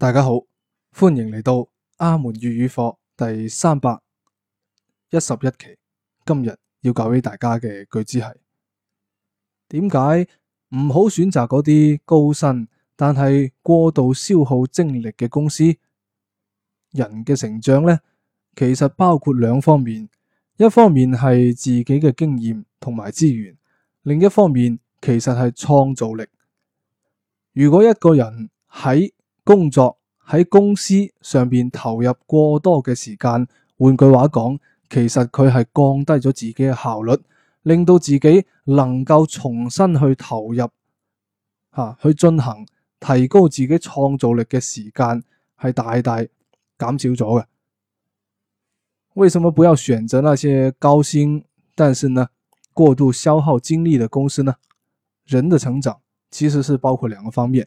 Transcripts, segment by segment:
大家好，歡迎嚟到阿門粵語課第三百一十一期。今日要教俾大家嘅句子係：點解唔好選擇嗰啲高薪但係過度消耗精力嘅公司？人嘅成長呢，其實包括兩方面，一方面係自己嘅經驗同埋資源，另一方面其實係創造力。如果一個人喺工作喺公司上面投入過多嘅時間，換句話講，其實佢係降低咗自己嘅效率，令到自己能夠重新去投入吓、啊、去進行提高自己創造力嘅時間，係大大減少咗嘅。為什麼不要選擇那些高薪，但是呢過度消耗精力嘅公司呢？人的成長其實是包括兩個方面。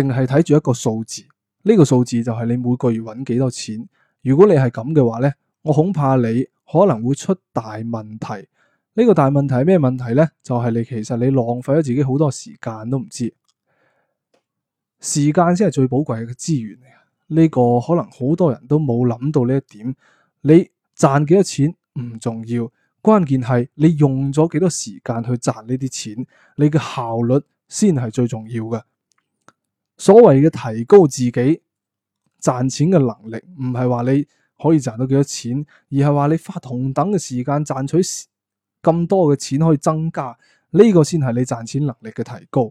淨係睇住一個數字，呢個數字就係你每個月搵幾多錢。如果你係咁嘅話呢，我恐怕你可能會出大問題。呢個大問題係咩問題呢？就係你其實你浪費咗自己好多時間都唔知。時間先係最寶貴嘅資源嚟。呢個可能好多人都冇諗到呢一點。你賺幾多錢唔重要，關鍵係你用咗幾多時間去賺呢啲錢，你嘅效率先係最重要嘅。所謂嘅提高自己賺錢嘅能力，唔係話你可以賺到幾多錢，而係話你花同等嘅時間賺取咁多嘅錢，可以增加呢個先係你賺錢能力嘅提高。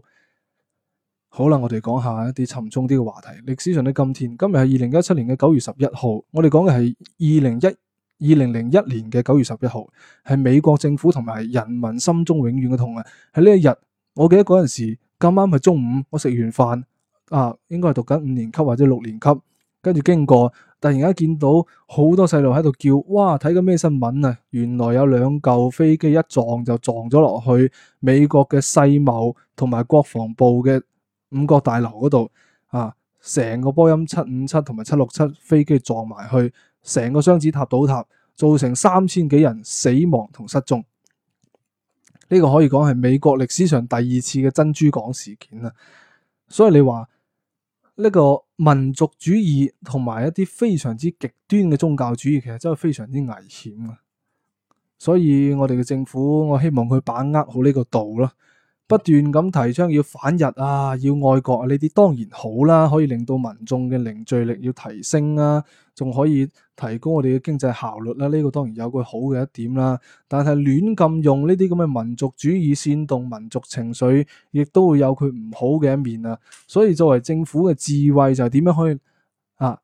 好啦，我哋講下一啲沉重啲嘅話題。歷史上嘅今天，今日係二零一七年嘅九月十一號，我哋講嘅係二零一二零零一年嘅九月十一號，係美國政府同埋人民心中永遠嘅痛啊！喺呢一日，我記得嗰陣時咁啱係中午，我食完飯。啊，應該係讀緊五年級或者六年級，跟住經過，突然間見到好多細路喺度叫，哇！睇緊咩新聞啊？原來有兩舊飛機一撞就撞咗落去美國嘅世貿同埋國防部嘅五角大樓嗰度啊！成個波音七五七同埋七六七飛機撞埋去，成個雙子塔倒塌，造成三千幾人死亡同失蹤。呢個可以講係美國歷史上第二次嘅珍珠港事件啊！所以你話。呢個民族主義同埋一啲非常之極端嘅宗教主義，其實真係非常之危險啊。所以我哋嘅政府，我希望佢把握好呢個度囉。不斷咁提倡要反日啊，要愛國啊，呢啲當然好啦、啊，可以令到民眾嘅凝聚力要提升啊，仲可以提高我哋嘅經濟效率啦、啊，呢、這個當然有個好嘅一點啦、啊。但係亂咁用呢啲咁嘅民族主義煽動民族情緒，亦都會有佢唔好嘅一面啊。所以作為政府嘅智慧就係點樣去啊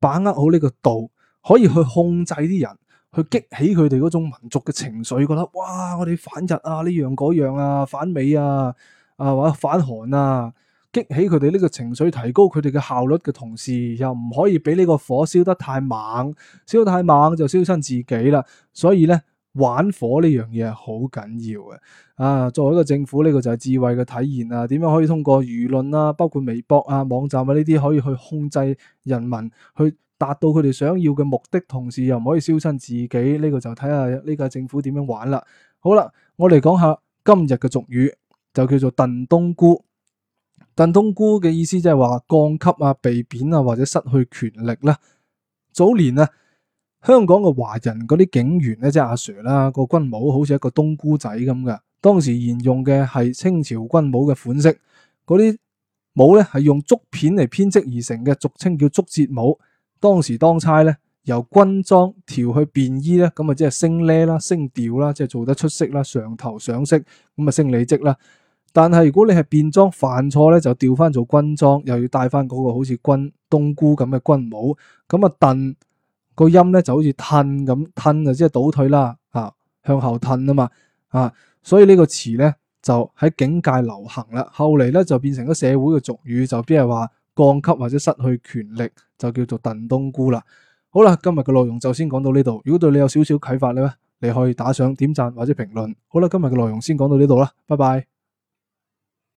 把握好呢個度，可以去控制啲人。去激起佢哋嗰種民族嘅情緒，覺得哇！我哋反日啊，呢樣嗰樣啊，反美啊，啊或者反韓啊，激起佢哋呢個情緒，提高佢哋嘅效率嘅同時，又唔可以俾呢個火燒得太猛，燒太猛就燒親自己啦。所以咧，玩火呢樣嘢係好緊要嘅。啊，作為一個政府，呢個就係智慧嘅體現啊。點樣可以通過輿論啊，包括微博啊、網站啊呢啲，可以去控制人民去，達到佢哋想要嘅目的，同時又唔可以燒親自己，呢、這個就睇下呢個政府點樣玩啦。好啦，我哋講下今日嘅俗語，就叫做燉冬菇。燉冬菇嘅意思即係話降級啊、被貶啊或者失去權力啦。早年呢，香港嘅華人嗰啲警員呢，即係阿 Sir 啦，個軍帽好似一個冬菇仔咁嘅。當時沿用嘅係清朝軍帽嘅款式，嗰啲帽呢係用竹片嚟編織而成嘅，俗稱叫竹節帽。當時當差咧，由軍裝調去便衣咧，咁啊即係升呢啦，升調啦，即係做得出色啦，上頭上色，咁啊升理職啦。但係如果你係便裝犯錯咧，就調翻做軍裝，又要戴翻嗰個好似軍冬菇咁嘅軍帽，咁啊燉個音咧就好似褪咁褪啊，即係倒退啦，啊向後褪啊嘛，啊所以呢個詞咧就喺警界流行啦，後嚟咧就變成咗社會嘅俗語，就即係話。降級或者失去權力就叫做燉冬菇啦。好啦，今日嘅內容就先講到呢度。如果對你有少少啟發咧，你可以打賞點讚或者評論。好啦，今日嘅內容先講到呢度啦。拜拜。